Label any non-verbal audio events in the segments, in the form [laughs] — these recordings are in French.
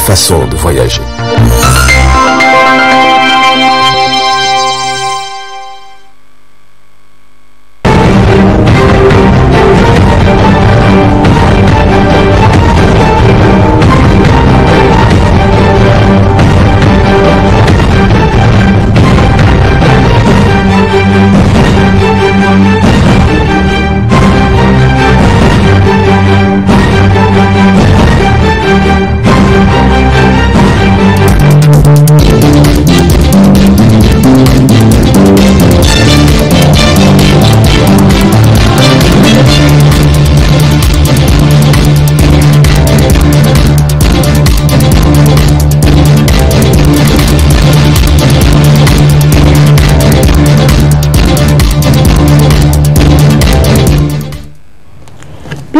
façon de voyager.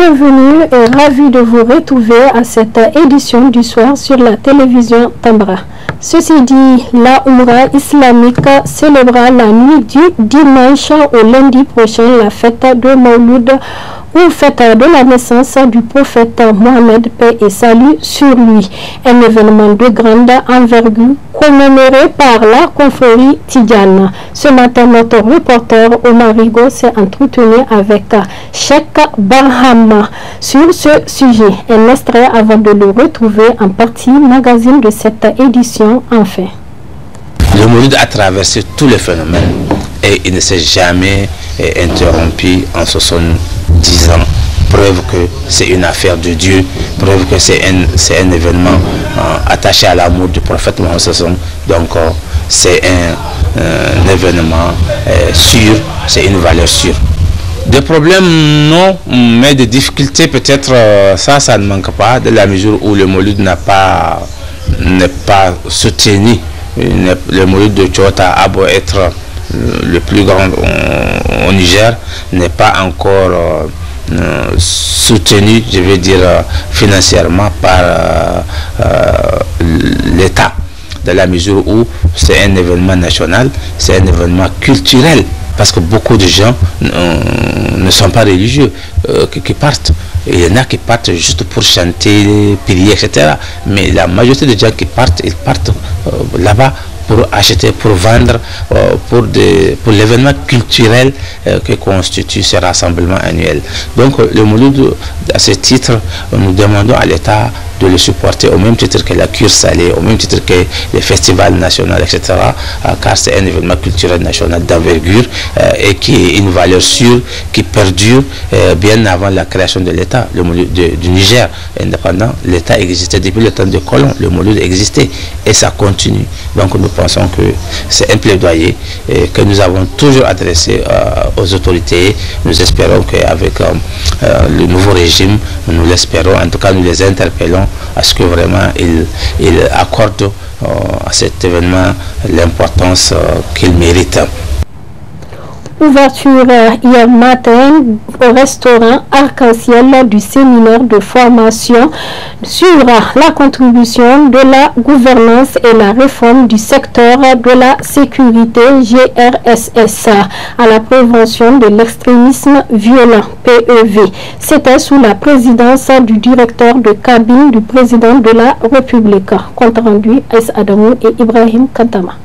Bienvenue et ravi de vous retrouver à cette édition du soir sur la télévision Tambra. Ceci dit, la Umrah islamique célébrera la nuit du dimanche au lundi prochain la fête de Mauloud ou fête de la naissance du prophète Mohamed, paix et salut sur lui. Un événement de grande envergure commémoré par la confrérie Tidiane. Ce matin, notre reporter Omar Rigo s'est entretenu avec Sheikh Barham sur ce sujet. Un extrait avant de le retrouver en partie magazine de cette édition enfin. Le monde a traversé tous les phénomènes et il ne s'est jamais interrompu en ce son. 10 ans. Preuve que c'est une affaire de Dieu, preuve que c'est un, événement euh, attaché à l'amour du prophète Mohammed. Donc euh, c'est un, euh, événement sûr, c'est une valeur sûre. Des problèmes, non, mais des difficultés, peut-être, ça, ça ne manque pas, de la mesure où le Molud n'a pas, pas soutenu. Le Molud de Tchota a beau être le plus grand au Niger n'est pas encore euh, soutenu, je veux dire, euh, financièrement par euh, l'État, dans la mesure où c'est un événement national, c'est un événement culturel, parce que beaucoup de gens ne sont pas religieux, qui partent. Il y en a qui partent juste pour chanter, prier, etc. Mais la majorité des gens qui partent, ils partent là-bas pour acheter, pour vendre, euh, pour, des, pour l'événement culturel euh, que constitue ce rassemblement annuel. Donc euh, le Mouloud, à ce titre, nous demandons à l'État de le supporter au même titre que la cure salée, au même titre que les festivals nationaux, etc. car c'est un événement culturel national d'envergure et qui est une valeur sûre qui perdure bien avant la création de l'État, le du Niger indépendant. L'État existait depuis le temps de Colomb, le Mouloud existait et ça continue. Donc nous pensons que c'est un plaidoyer et que nous avons toujours adressé euh, aux autorités. Nous espérons qu'avec euh, euh, le nouveau régime, nous l'espérons, en tout cas nous les interpellons à ce que vraiment ils, ils accordent à cet événement l'importance qu'il mérite. Ouverture hier matin au restaurant Arc-en-Ciel du séminaire de formation sur la contribution de la gouvernance et la réforme du secteur de la sécurité GRSS à la prévention de l'extrémisme violent PEV. C'était sous la présidence du directeur de cabine du président de la République. Compte rendu S. Adamou et Ibrahim Kantama.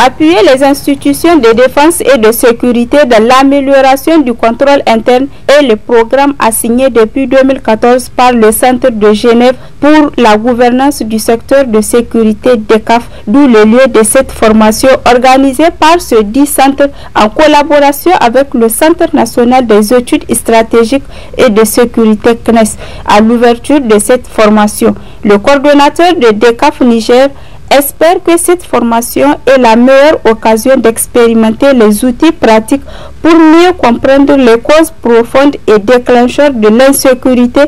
Appuyer les institutions de défense et de sécurité dans l'amélioration du contrôle interne et le programme assigné depuis 2014 par le Centre de Genève pour la gouvernance du secteur de sécurité DECAF, d'où le lieu de cette formation organisée par ce dit centre en collaboration avec le Centre national des études stratégiques et de sécurité CNES à l'ouverture de cette formation. Le coordonnateur de DECAF Niger espère que cette formation est la meilleure occasion d'expérimenter les outils pratiques pour mieux comprendre les causes profondes et déclencheurs de l'insécurité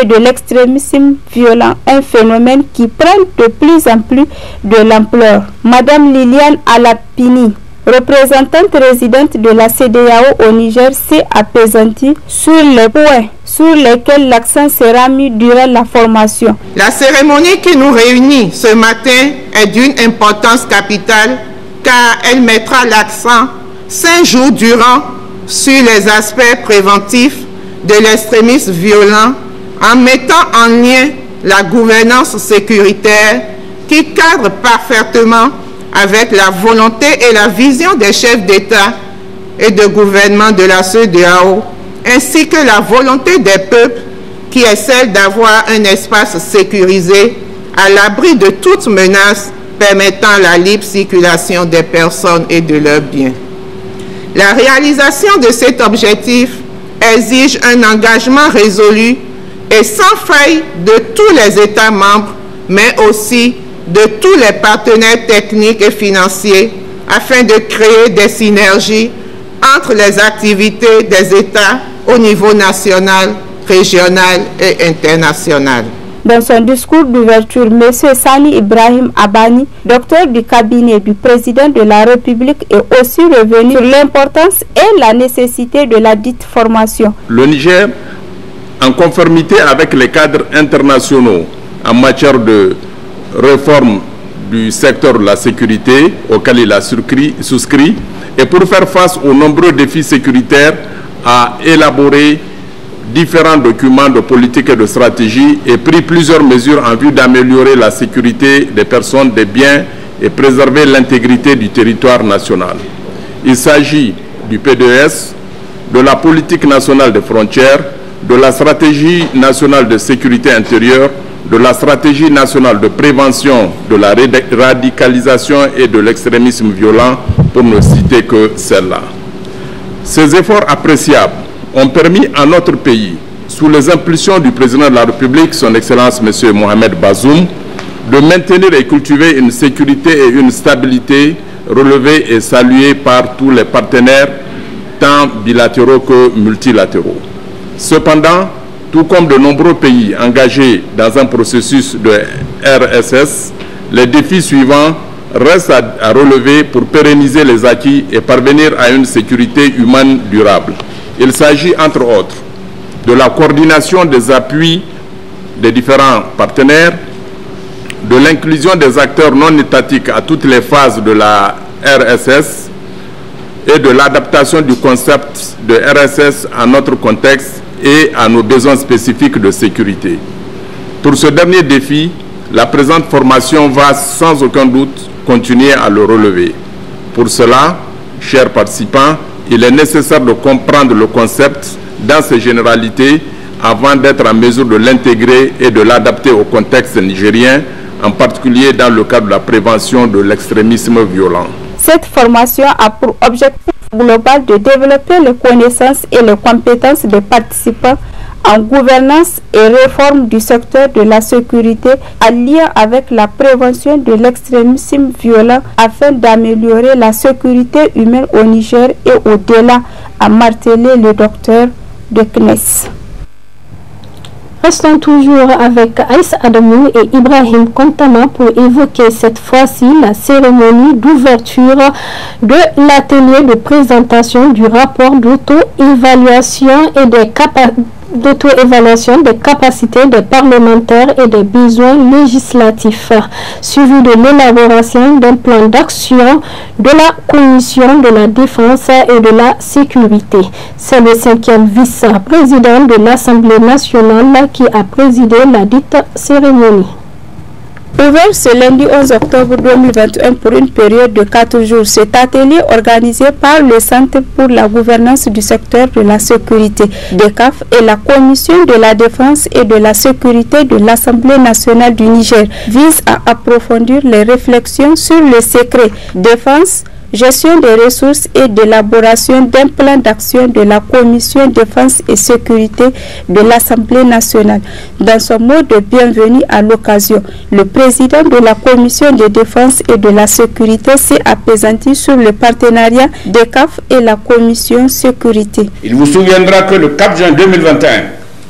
et de l'extrémisme violent, un phénomène qui prend de plus en plus de l'ampleur. Madame Liliane Alapini, représentante résidente de la CDAO au Niger, s'est apaisantie sur les points sur lesquels l'accent sera mis durant la formation. La cérémonie qui nous réunit ce matin est d'une importance capitale car elle mettra l'accent cinq jours durant sur les aspects préventifs de l'extrémisme violent en mettant en lien la gouvernance sécuritaire qui cadre parfaitement avec la volonté et la vision des chefs d'État et de gouvernement de la CEDEAO, ainsi que la volonté des peuples qui est celle d'avoir un espace sécurisé à l'abri de toute menace permettant la libre circulation des personnes et de leurs biens. La réalisation de cet objectif exige un engagement résolu et sans faille de tous les États membres, mais aussi de tous les partenaires techniques et financiers afin de créer des synergies entre les activités des États au niveau national, régional et international. Dans son discours d'ouverture, M. Sani Ibrahim Abani, docteur du cabinet du président de la République, est aussi revenu sur l'importance et la nécessité de la dite formation. Le Niger, en conformité avec les cadres internationaux en matière de réforme du secteur de la sécurité auquel il a souscrit et pour faire face aux nombreux défis sécuritaires a élaboré différents documents de politique et de stratégie et pris plusieurs mesures en vue d'améliorer la sécurité des personnes, des biens et préserver l'intégrité du territoire national. Il s'agit du PDS, e de la politique nationale des frontières, de la stratégie nationale de sécurité intérieure, de la stratégie nationale de prévention de la radicalisation et de l'extrémisme violent, pour ne citer que celle-là. Ces efforts appréciables ont permis à notre pays, sous les impulsions du président de la République, son Excellence M. Mohamed Bazoum, de maintenir et cultiver une sécurité et une stabilité relevée et saluée par tous les partenaires, tant bilatéraux que multilatéraux. Cependant, tout comme de nombreux pays engagés dans un processus de RSS, les défis suivants restent à, relever pour pérenniser les acquis et parvenir à une sécurité humaine durable. Il s'agit entre autres de la coordination des appuis des différents partenaires, de l'inclusion des acteurs non étatiques à toutes les phases de la RSS et de l'adaptation du concept de RSS à notre contexte et à nos besoins spécifiques de sécurité. Pour ce dernier défi, la présente formation va sans aucun doute continuer à le relever. Pour cela, chers participants, il est nécessaire de comprendre le concept dans ses généralités avant d'être en mesure de l'intégrer et de l'adapter au contexte nigérien, en particulier dans le cadre de la prévention de l'extrémisme violent. Cette formation a pour objectif global de développer les connaissances et les compétences des participants en gouvernance et réforme du secteur de la sécurité en lien avec la prévention de l'extrémisme violent afin d'améliorer la sécurité humaine au Niger et au-delà, a martelé le docteur de CNES. Restons toujours avec Aïs Adamou et Ibrahim Contama pour évoquer cette fois-ci la cérémonie d'ouverture de l'atelier de présentation du rapport d'auto-évaluation et des capacités d'auto-évaluation des capacités des parlementaires et des besoins législatifs, suivi de l'élaboration d'un plan d'action de la Commission de la Défense et de la Sécurité. C'est le cinquième vice-président de l'Assemblée nationale qui a présidé la dite cérémonie. Ouvert ce lundi 11 octobre 2021 pour une période de 4 jours, cet atelier organisé par le Centre pour la gouvernance du secteur de la sécurité de CAF et la Commission de la défense et de la sécurité de l'Assemblée nationale du Niger vise à approfondir les réflexions sur le secret défense gestion des ressources et d'élaboration d'un plan d'action de la Commission défense et sécurité de l'Assemblée nationale. Dans son mot de bienvenue à l'occasion, le président de la Commission de défense et de la sécurité s'est apaisanti sur le partenariat des CAF et la Commission sécurité. Il vous souviendra que le 4 juin 2021,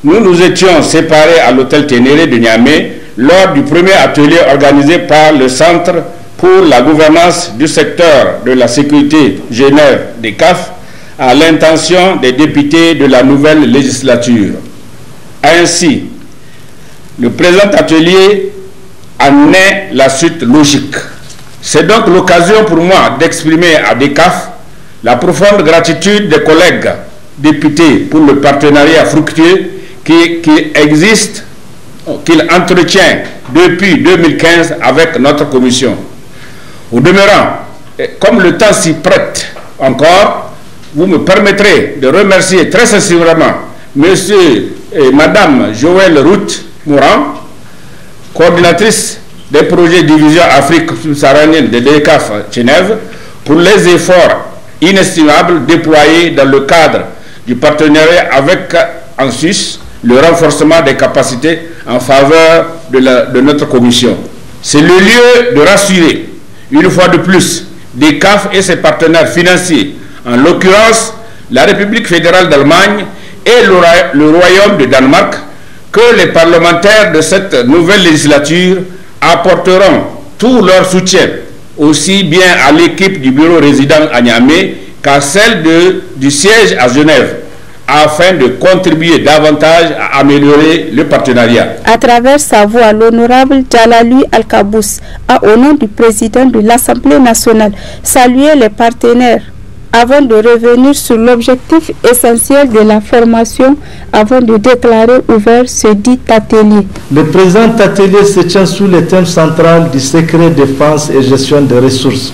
nous nous étions séparés à l'hôtel Ténéré de Niamey lors du premier atelier organisé par le Centre pour la gouvernance du secteur de la sécurité Genève des CAF à l'intention des députés de la nouvelle législature. Ainsi, le présent atelier en est la suite logique. C'est donc l'occasion pour moi d'exprimer à DECAF la profonde gratitude des collègues députés pour le partenariat fructueux qui existe, qu'il entretient depuis 2015 avec notre commission. Au demeurant, comme le temps s'y prête encore, vous me permettrez de remercier très sincèrement Monsieur et Madame Joëlle Route mouran coordinatrice des projets Division Afrique subsaharienne de DECAF Genève, pour les efforts inestimables déployés dans le cadre du partenariat avec en Suisse le renforcement des capacités en faveur de notre commission. C'est le lieu de rassurer une fois de plus des CAF et ses partenaires financiers, en l'occurrence la République fédérale d'Allemagne et le, Royaume de Danemark, que les parlementaires de cette nouvelle législature apporteront tout leur soutien, aussi bien à l'équipe du bureau résident à Niamey qu'à celle du siège à Genève afin de contribuer davantage à améliorer le partenariat. À travers sa voix, l'honorable Djalali Al-Kabous a, au nom du président de l'Assemblée nationale, salué les partenaires avant de revenir sur l'objectif essentiel de la formation avant de déclarer ouvert ce dit atelier. Le présent atelier se tient sous le thème central du secret défense et gestion des ressources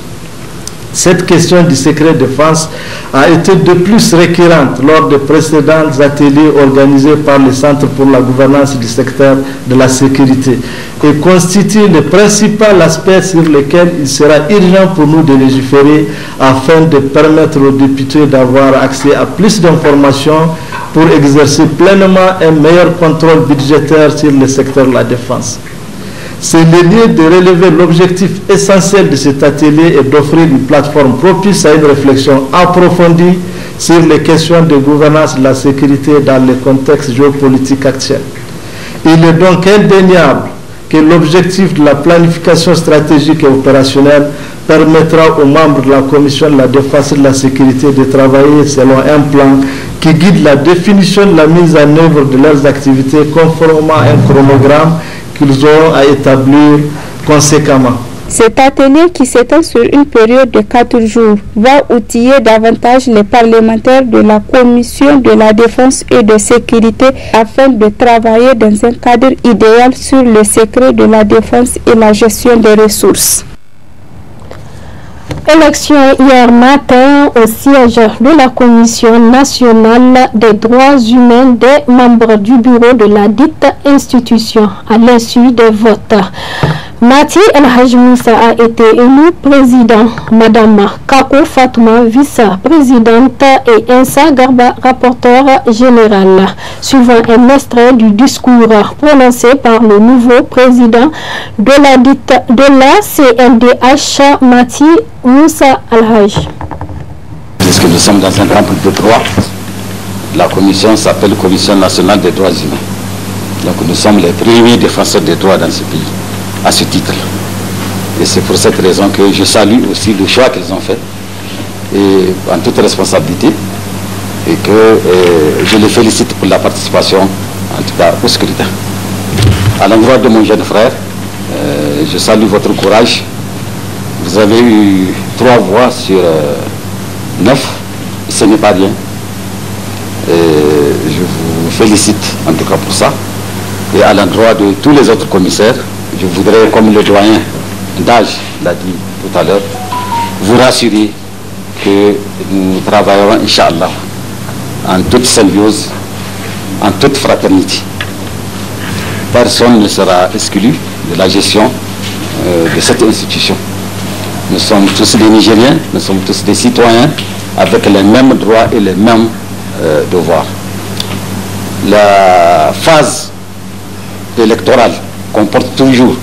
cette question du secret de défense a été de plus récurrente lors de précédents ateliers organisés par le Centre pour la gouvernance du secteur de la sécurité et constitue le principal aspect sur lequel il sera urgent pour nous de légiférer afin de permettre aux députés d'avoir accès à plus d'informations pour exercer pleinement un meilleur contrôle budgétaire sur le secteur de la défense c'est le lieu de relever l'objectif essentiel de cet atelier et d'offrir une plateforme propice à une réflexion approfondie sur les questions de gouvernance de la sécurité dans le contexte géopolitique actuel. Il est donc indéniable que l'objectif de la planification stratégique et opérationnelle permettra aux membres de la Commission de la défense et de la sécurité de travailler selon un plan qui guide la définition de la mise en œuvre de leurs activités conformément à un chronogramme à établir conséquemment. Cet atelier qui s'étend sur une période de quatre jours va outiller davantage les parlementaires de la Commission de la Défense et de Sécurité afin de travailler dans un cadre idéal sur le secret de la défense et la gestion des ressources. Élection hier matin au siège de la Commission nationale des droits humains des membres du bureau de la dite institution à l'insu des votes. Mati El Moussa a été élu président. Madame Kako Fatma, vice-présidente, et Insa Garba, rapporteur général. Suivant un extrait du discours prononcé par le nouveau président de la, dite, de la CNDH, Mati Moussa El Haj. que nous sommes dans un de droit. La commission s'appelle Commission nationale des droits humains. Donc nous sommes les premiers défenseurs des droits dans ce pays à ce titre. Et c'est pour cette raison que je salue aussi le choix qu'ils ont fait, et en toute responsabilité, et que euh, je les félicite pour la participation, en tout cas au scrutin. À l'endroit de mon jeune frère, euh, je salue votre courage. Vous avez eu trois voix sur euh, neuf, ce n'est pas rien. Et je vous félicite en tout cas pour ça. Et à l'endroit de tous les autres commissaires, je voudrais, comme le doyen d'âge l'a dit tout à l'heure, vous rassurer que nous travaillerons, Inch'Allah, en toute symbiose, en toute fraternité. Personne ne sera exclu de la gestion euh, de cette institution. Nous sommes tous des Nigériens, nous sommes tous des citoyens avec les mêmes droits et les mêmes euh, devoirs. La phase électorale comporte toujours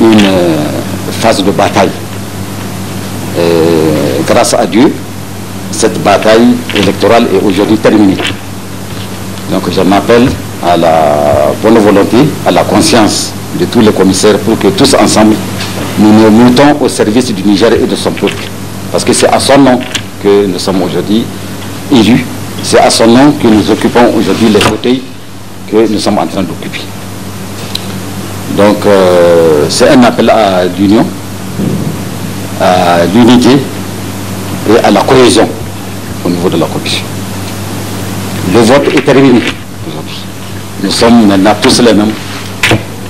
une euh, phase de bataille. Euh, grâce à Dieu, cette bataille électorale est aujourd'hui terminée. Donc je m'appelle à la bonne volonté, à la conscience de tous les commissaires pour que tous ensemble, nous nous mettons au service du Niger et de son peuple. Parce que c'est à son nom que nous sommes aujourd'hui élus, c'est à son nom que nous occupons aujourd'hui les fauteuils que nous sommes en train d'occuper. Donc euh, c'est un appel à l'union, à l'unité et à la cohésion au niveau de la commission. Le vote est terminé Nous sommes maintenant tous les mêmes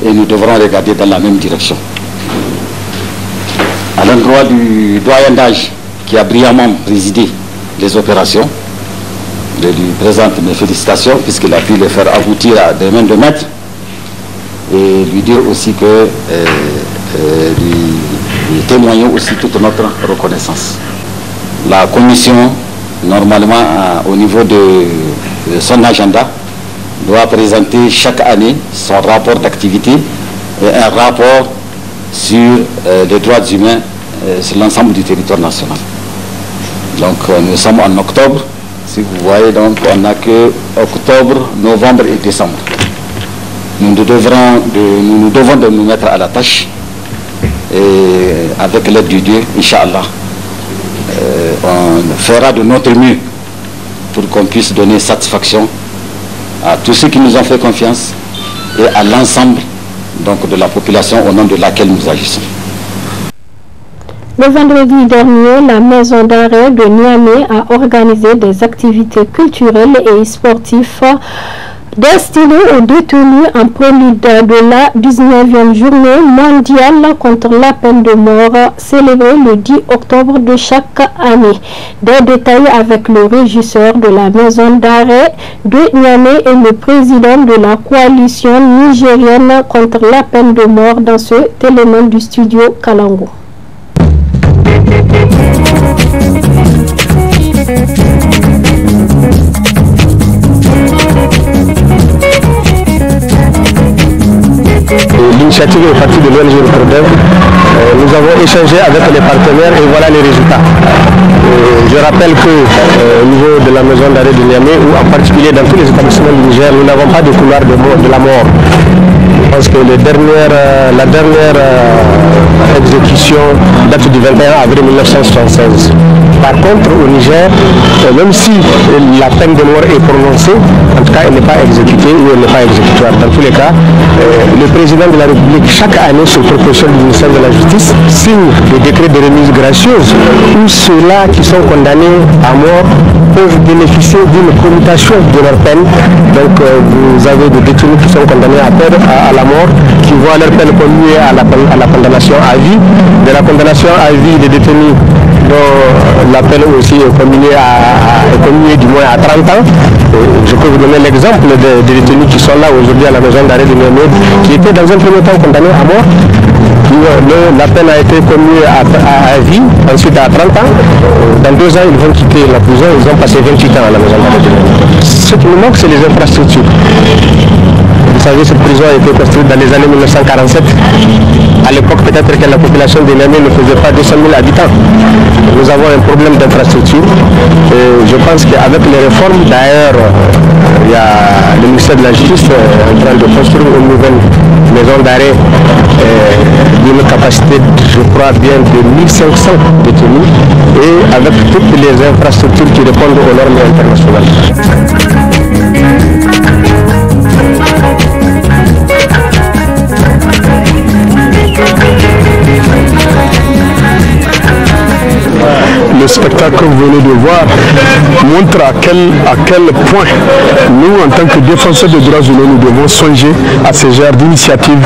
et nous devrons regarder dans la même direction. À l'endroit du doyen d'âge qui a brillamment présidé les opérations, je lui présente mes félicitations puisqu'il a pu les faire aboutir à des mains de maître et lui dire aussi que euh, témoignons euh, lui, aussi toute notre reconnaissance. La commission, normalement au niveau de, son agenda, doit présenter chaque année son rapport d'activité et un rapport sur euh, les droits humains euh, sur l'ensemble du territoire national. Donc nous sommes en octobre, si vous voyez donc on n'a que octobre, novembre et décembre nous, devrons nous, devons de nous mettre à la tâche et avec l'aide du Dieu, Inch'Allah, euh, on fera de notre mieux pour qu'on puisse donner satisfaction à tous ceux qui nous ont fait confiance et à l'ensemble de la population au nom de laquelle nous agissons. Le vendredi dernier, la maison d'arrêt de Niamey a organisé des activités culturelles et sportives Destiné aux détenus en prélude de la 19e journée mondiale contre la peine de mort célébrée le 10 octobre de chaque année. Des détails avec le régisseur de la maison d'arrêt de Niamey et le président de la coalition nigérienne contre la peine de mort dans ce élément du studio Kalango. est partie de euh, nous avons échangé avec les partenaires et voilà les résultats. Euh, je rappelle que euh, au niveau de la maison d'arrêt de Niamey, ou en particulier dans tous les établissements du Niger, nous n'avons pas de couloir de, la mort. Je pense que la dernière exécution date du 21 avril 1976. Par contre, au Niger, euh, même si la peine de mort est prononcée, en tout cas, elle n'est pas exécutée ou elle n'est pas exécutoire. Dans tous les cas, euh, le président de la République, chaque année, sur proposition du ministère de la Justice, signe des décrets de remise gracieuse où ceux-là qui sont condamnés à mort peuvent bénéficier d'une commutation de leur peine. Donc euh, vous avez des détenus qui sont condamnés à, la mort, qui voient leur peine commuée à la condamnation à vie. De la condamnation à vie, des détenus dont euh, l'appel aussi est communié, à, du moins à 30 ans. Je peux vous donner l'exemple des, détenus qui sont là aujourd'hui à la maison d'arrêt de Niamey, qui étaient dans un premier temps condamnés à mort. Euh, l'appel a été commis à, vie, ensuite à 30 ans. Euh, dans deux ans, ils vont quitter la prison, ils ont passé 28 ans à la maison d'arrêt de Ce qui nous manque, c'est les infrastructures. Vous savez, cette prison a été construite dans les années 1947. À l'époque, peut-être que la population de Niamey ne faisait pas 200 000 habitants. Nous avons un problème d'infrastructure. Je pense qu'avec les réformes, d'ailleurs, euh, il y a le ministère de la Justice euh, en train de construire une nouvelle maison d'arrêt euh, d'une capacité, je crois, bien de 1500 détenus et avec toutes les infrastructures qui répondent aux normes internationales. le spectacle que vous venez de voir montre à quel, point nous, en tant que défenseurs des droits humains, nous devons songer à ces genre d'initiatives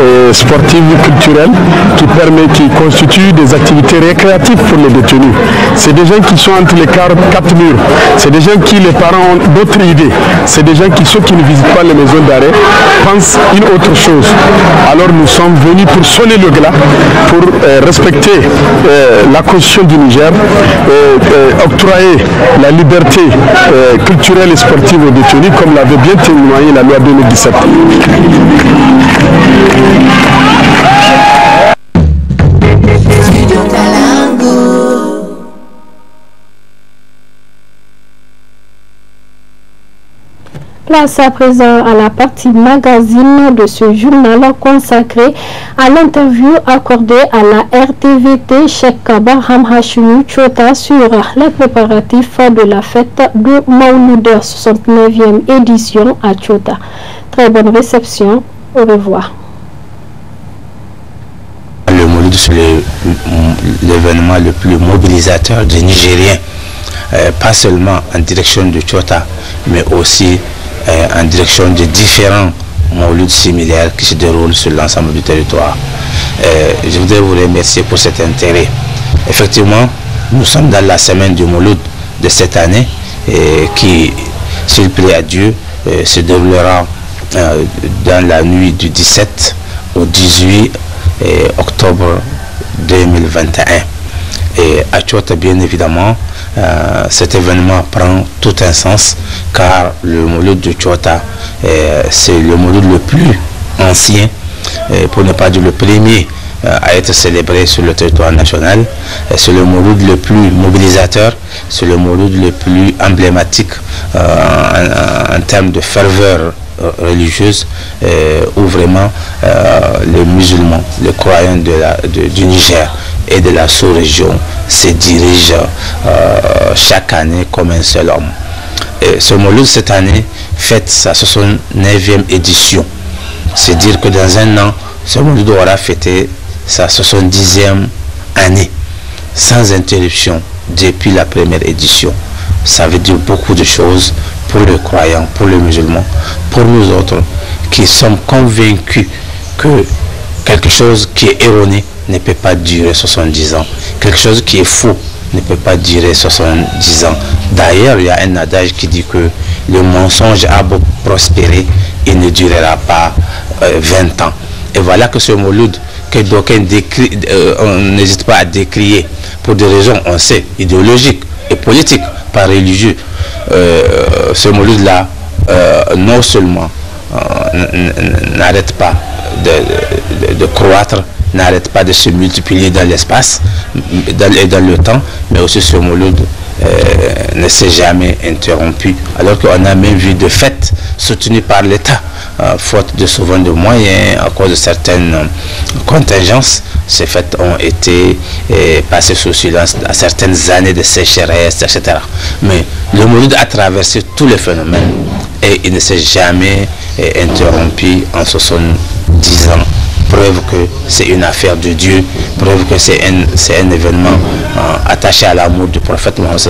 euh, sportives et culturelles, qui permettent, qui constituent des activités récréatives pour les détenus. C'est des gens qui sont entre les quatre, quatre murs, c'est des gens qui, les parents ont d'autres idées, c'est des gens qui, ceux qui ne visitent pas les maisons d'arrêt, pensent une autre chose. Alors nous sommes venus pour sonner le glas, pour euh, respecter euh, la constitution du Niger, euh, euh, octroyer la liberté euh, culturelle et sportive aux détenus, comme l'avait bien témoigné la loi 2017. Place à présent à la partie magazine de ce journal consacré à l'interview accordée à la RTVT Cheikh Kabar Hashimi Chota sur les préparatifs de la fête du Maoulouda 69e édition à Chota. Très bonne réception. Au revoir. Le c'est l'événement le plus mobilisateur des Nigériens, euh, pas seulement en direction de Chota, mais aussi euh, en direction de différents mauluds similaires qui se déroulent sur l'ensemble du territoire. Euh, je voudrais vous remercier pour cet intérêt. Effectivement, nous sommes dans la semaine du mouloud de cette année et euh, qui, s'il plaît à Dieu, se déroulera dans la nuit du 17 au 18 octobre 2021. Et à Tchota, bien évidemment, euh, cet événement prend tout un sens car le mouloud de Tchota, euh, c'est le mouloud le plus ancien, euh, pour ne pas dire le premier à être célébré sur le territoire national. C'est le Mouloud le plus mobilisateur, c'est le Mouloud le plus emblématique en, termes de ferveur religieuse ou vraiment les musulmans, les croyants du Niger et de la sous-région se dirige euh, chaque année comme un seul homme. Et ce cette année fête sa 69e édition. C'est dire que dans un an, ce devra aura fêté sa 70e année sans interruption depuis la première édition. Ça veut dire beaucoup de choses pour le croyant, pour les musulmans, pour nous autres qui sommes convaincus que Quelque chose qui est erroné ne peut pas durer 70 ans. Quelque chose qui est faux ne peut pas durer 70 ans. D'ailleurs, il y a un adage qui dit que le mensonge a beau prospérer, il ne durera pas 20 euh, ans. Et voilà que ce Mouloud, que d'aucuns euh, n'hésite pas à décrire, pour des raisons, on sait, idéologiques et politiques, pas religieux, euh, ce Mouloud-là, euh, non seulement n'arrête pas de, croître n'arrête pas de se multiplier dans l'espace et dans le temps, mais aussi ce Mouloud euh, ne s'est jamais interrompu. Alors qu'on a même vu des fêtes soutenues par l'État, euh, faute de souvent de moyens, à cause de certaines contingences, ces fêtes ont été euh, passées sous silence à certaines années de sécheresse, etc. Mais le Mouloud a traversé tous les phénomènes et il ne s'est jamais eh, interrompu en 70 ans. Preuve que c'est une affaire de Dieu, preuve que c'est un, événement euh, attaché à l'amour du prophète Mohammed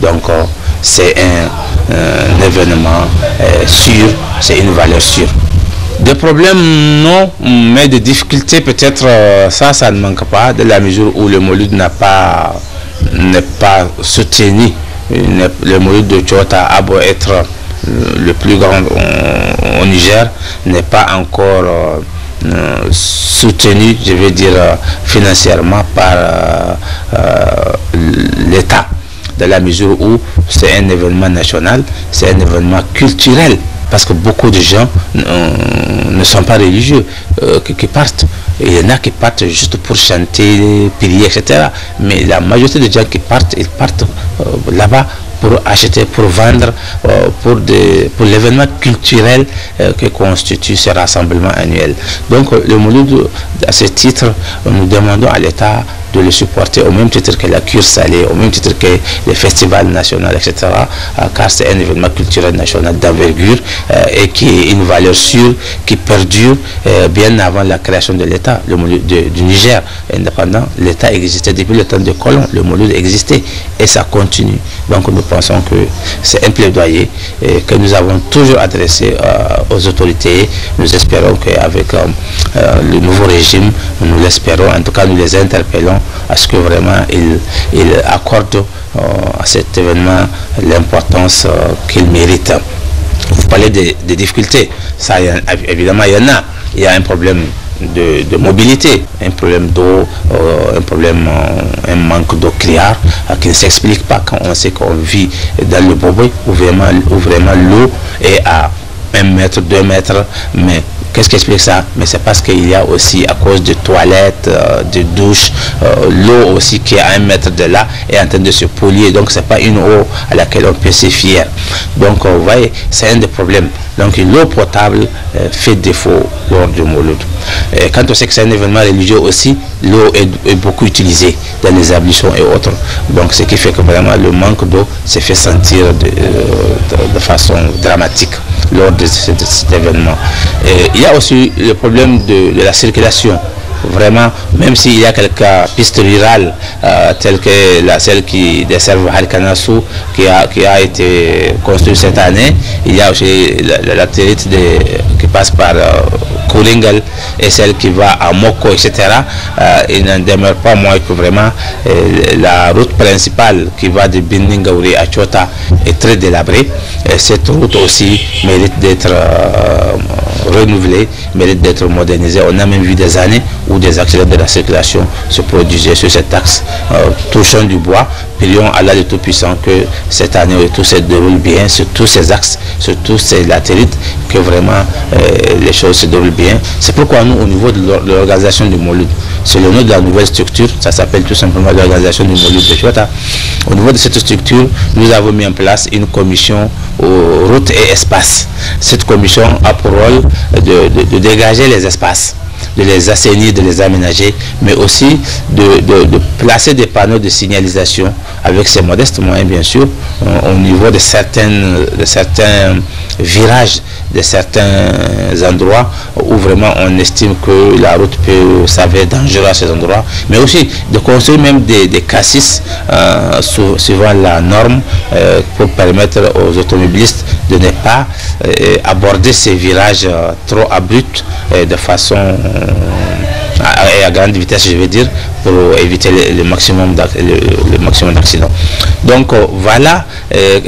Donc euh, c'est un, euh, événement eh, sûr, c'est une valeur sûre. Des problèmes, non, mais des difficultés, peut-être, ça, ça ne manque pas, de la mesure où le Molud n'a pas, pas soutenu. Le Molud de Tchota a beau être euh, le plus grand euh, au Niger, n'est pas encore euh, soutenu, je veux dire, financièrement par l'État, dans la mesure où c'est un événement national, c'est un événement culturel, parce que beaucoup de gens ne sont pas religieux, qui partent. Il y en a qui partent juste pour chanter, prier, etc. Mais la majorité des gens qui partent, ils partent là-bas pour acheter, pour vendre, euh, pour, pour l'événement culturel euh, que constitue ce rassemblement annuel. Donc euh, le Mouloud, à ce titre, nous demandons à l'État de les supporter au même titre que la cure salée, au même titre que les festivals nationaux, etc. Euh, car c'est un événement culturel national d'envergure euh, et qui est une valeur sûre qui perdure euh, bien avant la création de l'État, le du Niger indépendant. L'État existait depuis le temps de Colomb, le module existait et ça continue. Donc nous pensons que c'est un plaidoyer que nous avons toujours adressé aux autorités. Nous espérons qu'avec le nouveau régime, nous l'espérons, en tout cas nous les interpellons à ce que vraiment il, accorde euh, à cet événement l'importance euh, qu'il mérite. Vous parlez des, difficultés, ça évidemment il y en a. Il y a un problème de, mobilité, un problème d'eau, euh, un problème, un manque d'eau claire qui ne s'explique pas quand on sait qu'on vit dans le Boboy où vraiment, vraiment l'eau est à 1 mètre, 2 mètres, mais Qu'est-ce qui explique ça Mais c'est parce qu'il y a aussi, à cause de toilettes, euh, de douches, euh, l'eau aussi qui est à un mètre de là est en train de se polluer. Donc, ce n'est pas une eau à laquelle on peut se fier. Donc, euh, vous voyez, c'est un des problèmes. Donc, l'eau potable fait défaut lors du Mouloud. Et quand on sait que c'est un événement religieux aussi, l'eau est, beaucoup utilisée dans les ablutions et autres. Donc, ce qui fait que vraiment le manque d'eau se fait sentir de façon dramatique lors de cet, événement. il y a aussi le problème de, la circulation vraiment, même s'il y a quelques pistes rurales, euh, telles que la, celle qui desserve Harkanasu, qui a, qui a été construite cette année, il y a aussi la, la, qui passe par... Euh, et celle qui va à Moko, etc., euh, il n'en demeure pas moins que vraiment euh, la route principale qui va de Bindingaouri à Chota est très délabrée. cette route aussi mérite d'être euh, renouvelée, mérite d'être modernisée. On a même vu des années où des accidents de la circulation se produisaient sur cet axe. Euh, touchant du bois, prions Allah de Tout-Puissant que cette année tout se déroule bien sur tous ces axes, sur tous ces latérites, que vraiment euh, les choses se déroulent bien. C'est pourquoi nous, au niveau de l'organisation du MOLUD, selon le de la nouvelle structure, ça s'appelle tout simplement l'organisation du MOLUD de Chouata. Au niveau de cette structure, nous avons mis en place une commission aux routes et espaces. Cette commission a pour rôle de dégager les espaces de les assainir, de les aménager, mais aussi de, placer des panneaux de signalisation avec ces modestes moyens, bien sûr, au niveau de, certaines, de certains virages, de certains endroits où vraiment on estime que la route peut s'avérer dangereuse à ces endroits, mais aussi de construire même des, cassis euh, suivant la norme euh, pour permettre aux automobilistes de ne pas euh, aborder ces virages trop abrupts de façon euh, à, à, grande vitesse, je veux dire, pour éviter le, le maximum d'accidents. Donc euh, voilà, euh,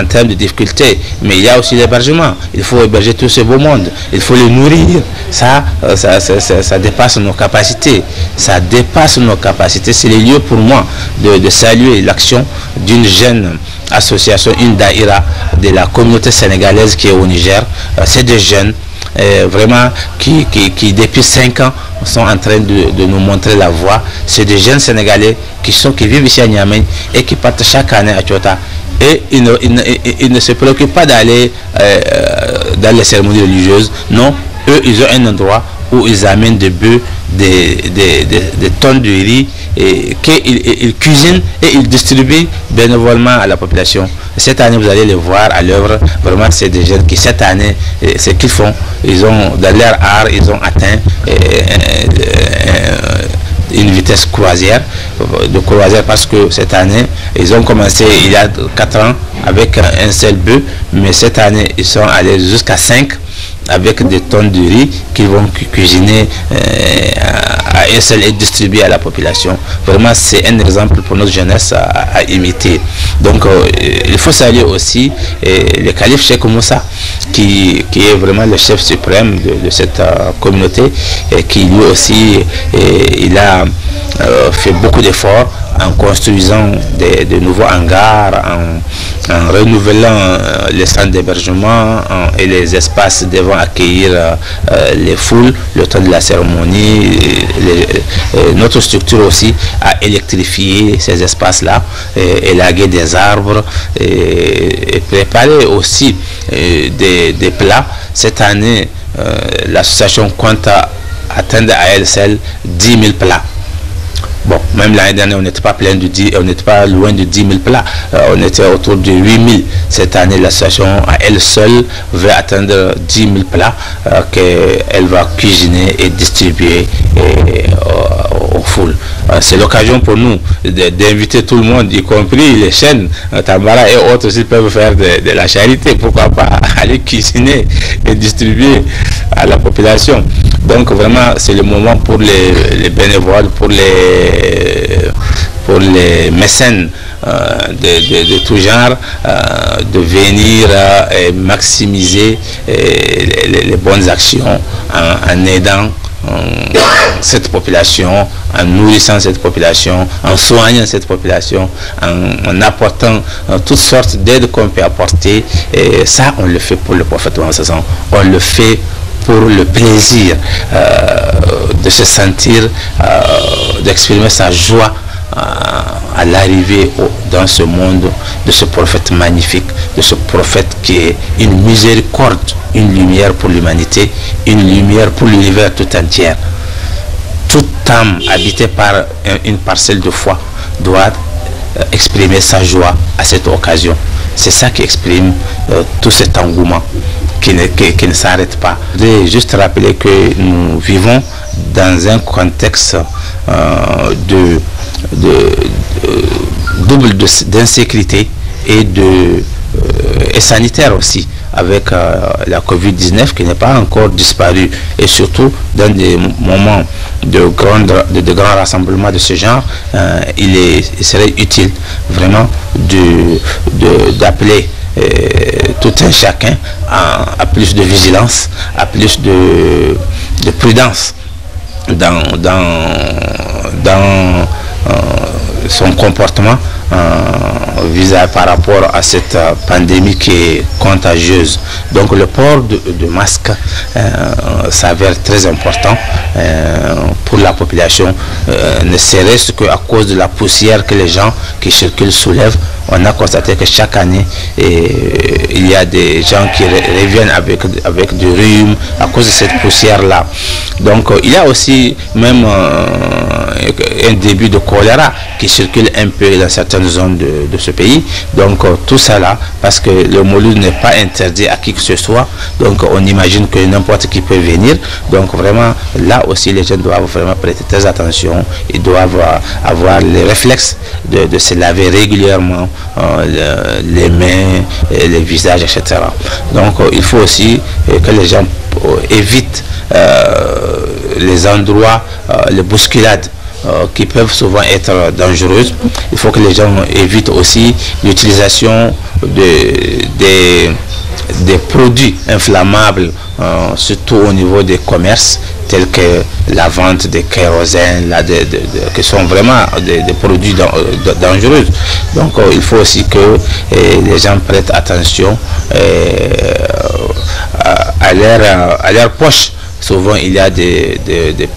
en termes de difficultés, mais il y a aussi l'hébergement. Il faut héberger tout ce beau monde, il faut les nourrir. Ça, ça, dépasse nos capacités. Ça dépasse nos capacités. C'est le lieu pour moi de, de saluer l'action d'une jeune association, une daïra de la communauté sénégalaise qui est au Niger. C'est des jeunes vraiment qui, depuis cinq ans sont en train de, nous montrer la voie. C'est des jeunes Sénégalais qui, sont, qui vivent ici à Niamey et qui partent chaque année à Tchota. Et ils ne, se préoccupent pas d'aller euh, euh, dans les cérémonies religieuses. Non, eux, ils ont un endroit où ils amènent des bœufs, des, des, des tonnes de riz qu'ils ils cuisinent et ils distribuent bénévolement à la population. Cette année, vous allez les voir à l'œuvre. Vraiment, c'est des jeunes qui, cette année, eh, ce qu'ils font, ils ont, dans leur art, ils ont atteint eh, eh, une vitesse croisière, euh, de croisière parce que cette année, ils ont commencé il y a 4 ans avec un seul bœuf, mais cette année, ils sont allés jusqu'à 5 avec des tonnes de riz qu'ils vont cuisiner euh, un seul est distribué à la population. Vraiment, c'est un exemple pour notre jeunesse à, imiter. Donc, euh, il faut saluer aussi euh, le calife Cheikh Moussa, qui, qui, est vraiment le chef suprême de, cette euh, communauté, et qui lui aussi, il a fait beaucoup d'efforts en construisant de, nouveaux hangars, en, renouvelant les centres d'hébergement et les espaces devant accueillir les foules le temps de la cérémonie, les euh, euh, notre structure aussi a électrifié ces espaces-là, euh, élagué des arbres, et, préparé aussi des, plats. Cette année, l'association compte à atteindre à elle seule 10 000 plats. Bon, même l'année dernière, on n'était pas plein de 10, on n'était pas loin de 10 000 plats. Euh, on était autour de 8 000. Cette année, la station à elle seule veut atteindre 10 000 plats euh, qu'elle va cuisiner et distribuer euh, aux foules. C'est l'occasion pour nous d'inviter tout le monde, y compris les chaînes, Tambara et autres aussi peuvent faire de la charité. Pourquoi pas [laughs] aller cuisiner et distribuer à la population. Donc vraiment, c'est le moment pour les, bénévoles, pour les, pour les mécènes euh, de, tout genre euh, de venir euh, maximiser les, bonnes actions en, aidant cette population, en nourrissant cette population, en soignant cette population, en, apportant toutes sortes d'aides qu'on peut apporter. Et ça, on le fait pour le prophète On le fait pour le plaisir euh, de se sentir, euh, d'exprimer sa joie euh, à l'arrivée dans ce monde de ce prophète magnifique, de ce prophète qui est une miséricorde, une lumière pour l'humanité, une lumière pour l'univers tout entier. Toute âme habitée par une parcelle de foi doit exprimer sa joie à cette occasion. C'est ça qui exprime tout cet engouement qui ne, s'arrête pas. Je voudrais juste rappeler que nous vivons dans un contexte euh, de, euh, double d'insécurité et de euh, et sanitaire aussi avec la Covid-19 qui n'est pas encore disparue et surtout dans des moments de, de, de, grands rassemblements de ce genre, il, est, serait utile vraiment d'appeler tout un chacun a plus de vigilance, a plus de, prudence dans, dans, euh, son comportement euh, vis-à-vis par rapport à cette pandémie qui est contagieuse. Donc le port de, masques masque euh, s'avère très important pour la population, ne serait-ce qu'à cause de la poussière que les gens qui circulent soulèvent on a constaté que chaque année, il y a des gens qui reviennent avec, avec du rhume à cause de cette poussière-là. Donc, il y a aussi même euh, un début de choléra qui circulent un peu dans certaines zones de, ce pays. Donc euh, tout ça là, parce que le moulin n'est pas interdit à qui que ce soit, donc on imagine que n'importe qui peut venir. Donc vraiment, là aussi les gens doivent vraiment prêter très attention, ils doivent euh, avoir les réflexes de, se laver régulièrement euh, les mains, les visages, etc. Donc il faut aussi que les gens évitent les endroits, les bousculades euh, qui peuvent souvent être dangereuses. Il faut que les gens évitent aussi l'utilisation des produits inflammables, euh, surtout au niveau des commerces, tels que la vente de kérosène, qui sont vraiment des, produits euh, dangereux. Donc il faut aussi que eh, les gens prêtent attention eh, à, à leur poche. Souvent, il y a des,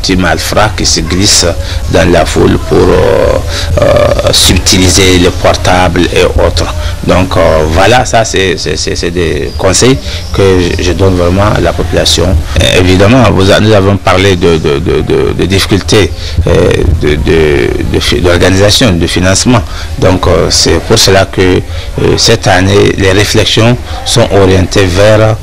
petits malfrats qui se glissent dans la foule pour euh, euh, subtiliser le portable et autres. Donc euh, voilà, ça c'est des conseils que je donne vraiment à la population. évidemment, nous avons parlé de, de, de difficultés d'organisation, de, financement. Donc c'est pour cela que cette année, les réflexions sont orientées vers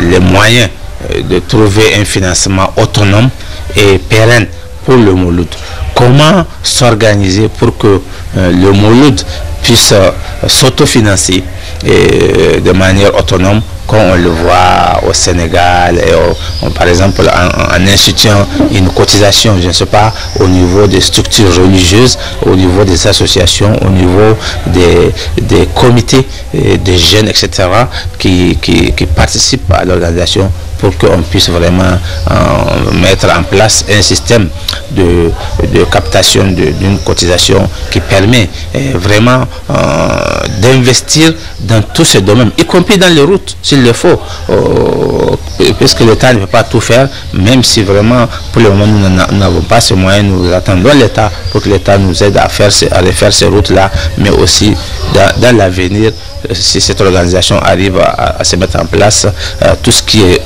les moyens euh, de trouver un financement autonome et pérenne pour le Mouloud. Comment s'organiser pour que euh, le Mouloud puisse euh, s'autofinancer de manière autonome quand on le voit au Sénégal, et par exemple en, instituant une cotisation, je ne sais pas, au niveau des structures religieuses, au niveau des associations, au niveau des, comités des jeunes, etc., qui, participent à l'organisation pour qu'on puisse vraiment euh, mettre en place un système de, captation d'une cotisation qui permet eh, vraiment euh, d'investir dans tous ces domaines, y compris dans les routes le faut, euh, euh, puisque l'État ne peut pas tout faire, même si vraiment, pour le moment, nous n'avons pas ce moyen, nous attendons l'État pour que l'État nous aide à, faire, à faire ces routes-là, mais aussi dans, l'avenir, euh, si cette organisation arrive à, se mettre en place, tout ce qui est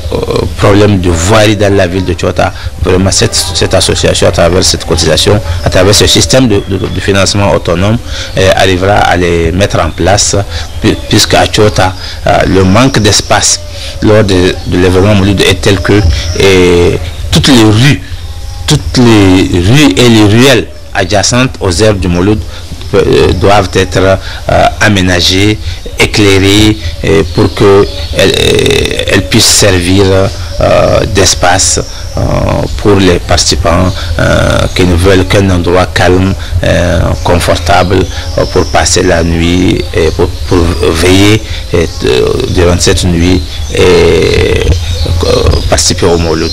problème de voirie dans la ville de Chota, vraiment cette, cette, association à travers cette cotisation, à travers ce système de, financement autonome, arrivera à les mettre en place, puisque à Chota, le manque de lors de, l'événement Mouloud est tel que eh, toutes les rues, toutes les rues et les ruelles adjacentes aux herbes du Mouloud euh, doivent être euh, aménagées, éclairées eh, pour qu'elles eh, puissent servir euh, d'espace euh, pour les participants euh, qui ne veulent qu'un endroit calme, confortable pour passer la nuit et pour, veiller durant cette nuit et participer au Mouloud.